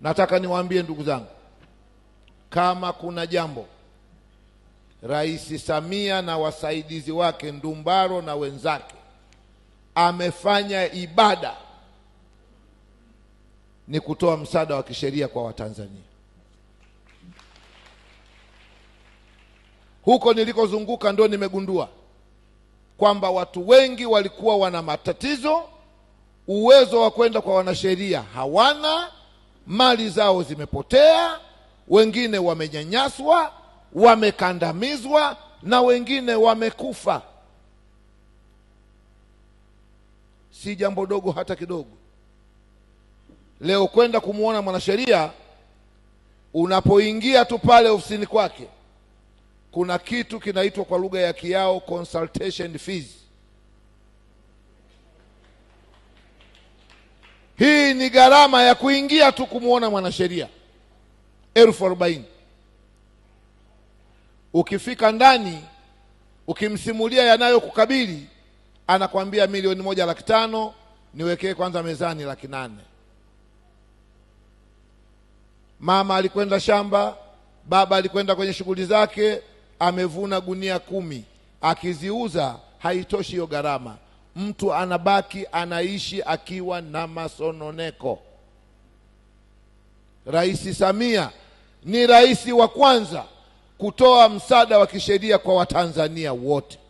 Nataka niwaambie ndugu zangu, kama kuna jambo Rais Samia na wasaidizi wake Ndumbaro na wenzake amefanya ibada ni kutoa msaada wa kisheria kwa Watanzania. Huko nilikozunguka ndio nimegundua kwamba watu wengi walikuwa wana matatizo, uwezo wa kwenda kwa wanasheria hawana mali zao zimepotea, wengine wamenyanyaswa, wamekandamizwa na wengine wamekufa. Si jambo dogo hata kidogo. Leo kwenda kumwona mwanasheria, unapoingia tu pale ofisini kwake, kuna kitu kinaitwa kwa lugha ya Kiao consultation fees Hii ni gharama ya kuingia tu kumwona mwanasheria elfu arobaini. Ukifika ndani ukimsimulia yanayokukabili anakwambia milioni moja laki tano, niwekee kwanza mezani laki nane. Mama alikwenda shamba, baba alikwenda kwenye shughuli zake, amevuna gunia kumi, akiziuza haitoshi hiyo gharama mtu anabaki anaishi akiwa na masononeko. Rais Samia ni rais wa kwanza kutoa msaada wa kisheria kwa Watanzania wote.